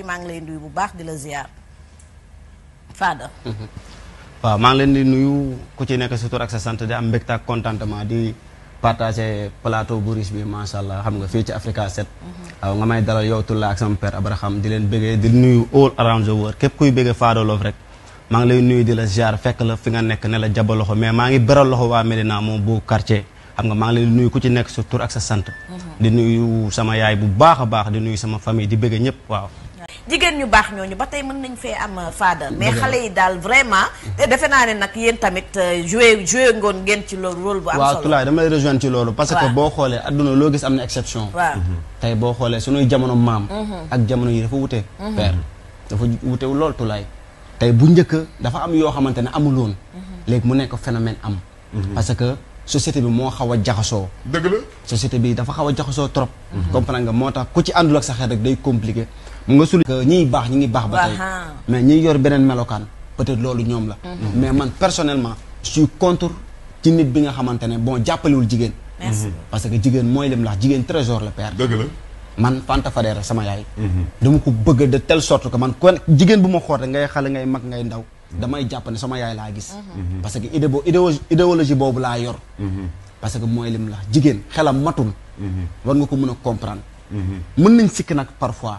yi maa ngi lay nuyu bu baax di la ziar Fada. Mm-hmm. waaw maa ngi leen nuyu ku ci nekk sa tur ak sa sant di am mbégte ak di partagé plateau bu riche xam nga fii ci Africa 7. Mm-hmm. waaw nga may dalal yow Tulla ak sama père di leen bëggee di nuyu all around the world kuy bëggee Fada rek. maa ngi lay nuyu di la ziar fekk la fi nga nekk ne la jàbba mais maa ngi beral loxo waa Medina moom bu quartier. xam nga maa ngi leen nuyu ku ci nekk sa ak sa sant. Mm-hmm. di nuyu sama yaay bu baax a baax di nuyu sama famille di bëgg ñëpp waaw. jigéen ñu baax ñooñu ba tey mën nañ fee am euh, faada mais xale yi daal vraiment te defe naa ne nag yéen tamit euh, joué joué ngoon ngeen ci loolu rôle bu am solo waaw Tulaay dama lay ci loolu parce que boo xoolee adduna loo gis am na exception waaw mhm. tey boo xoolee suñuy jamono maam mhm. ak jamono yi dafa wute mhm. père dafa wutewul lool Tulaay tey bu njëkk dafa am yoo xamante ne amuloon léegi mu nekk phénomène am parce que société bi moo xaw a jaxasoo. dëgg la société bi dafa xaw a jaxasoo trop. comprendre nga moo tax ku ci àndul ak sa xel rek day compliqué. mu nga sul que ñiy baax ñi ngi baax. ba tey mais ñiy yor beneen melokaan peut-être loolu ñoom la. Mhm. mais man personnellement je contre ci nit bi nga xamante ne bon jàppalewul jigéen. Mhm. parce que jigéen mooy lim lax jigéen trésor la père. dëgg la. man Fanta Fadera sama yaay. Mhm. dama ko bëgg de telle sorte que man kon jigéen bu ma xool rek ngay xale ngay mag ngay ndaw. damay jàpp ne sama yaay laa gis. parce que idéo idéologie boobu laa yor. parce que mooy lim la jigéen xelam matul. war nga ko mën a comprendre. mën nañ sikk nag parfois.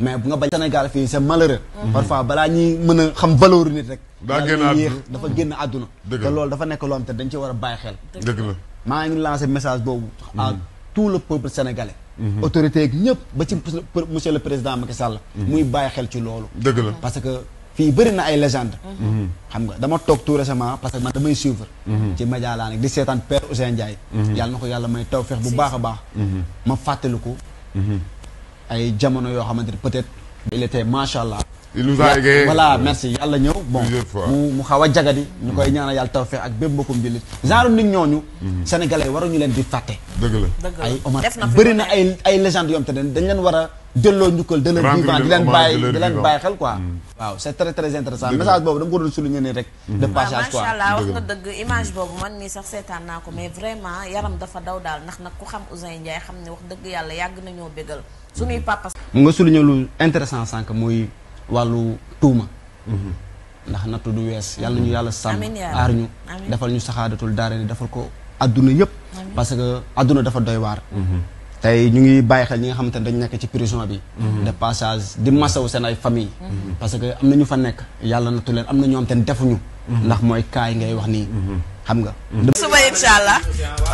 mais bu nga ba Sénégal fii c'est malheureux. parfois balaa ñuy mën a xam valeur nit rek. daa génn àdduna dafa génn àdduna. te loolu dafa nekk loo xam te dañ ci war a bàyyi xel. dëgg la maa ngi lancé message boobu. à mm-hmm. tout le peuple sénégalais. Mm-hmm. autorité yeeg ñëpp ba ci monsieur le président Macky Sall. Mm-hmm. muy bàyyi xel ci loolu. dëgg fii bëri na ay légende mhm. xam nga dama toog tout récemment parce que man damay suivre mhm. ci média laa di seetaan Père Ousseyn Ndiaye mhm. yàlla na ko yàlla may taw bu baax a baax ma fàttaliku ay jamono yoo xamante ne peut-être il était macha allah voilà merci yàlla ñëw bon mu mu a jagadi ñu koy ñaanal yàlla taw ak bépp mbokkum jullit genre nit ñooñu sénégalais waruñu leen di fàtte dëgg la ay Omar bëri na ay ay légende te dañ leen war a delloo njukkal de le vivant di leen bàyyi di xel quoi. Mm. waaw c' est très très intéressant message boobu dama ko doon souligner nii rek. Mm-hmm. de passage quoi macha boobu man mii sax seetaan naa ko mais vraiment yaram dafa daw daal ndax nag ku xam Ouzin Ndiaye xam ne wax dëgg yàlla yàgg nañoo bégal suñuy papa. mu nga souligner lu intéressant sànq muy wàllu tuuma. Mm-hmm. ndax nattu du wees yàlla ñu yàlla sàmm aar ñu defal ñu saxaadatul daara ni defal ko adduna yëpp parce que adduna dafa doy waar mm-hmm. tey ñu ngi bàyyi xel ñi nga xamante ne dañ nekk ci prison bi. Mhm. de di masaw seen ay famille mhm. parce que am na ñu fa nekk yàlla nattu leen am na ñoo te defuñu. Mhm. ndax mooy kaay ngay wax nii. xam nga. suba incha allah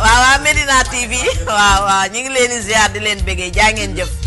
waaw waaw Medina TV waaw waaw ngi leen di di leen bëggee jaa ngeen jëf.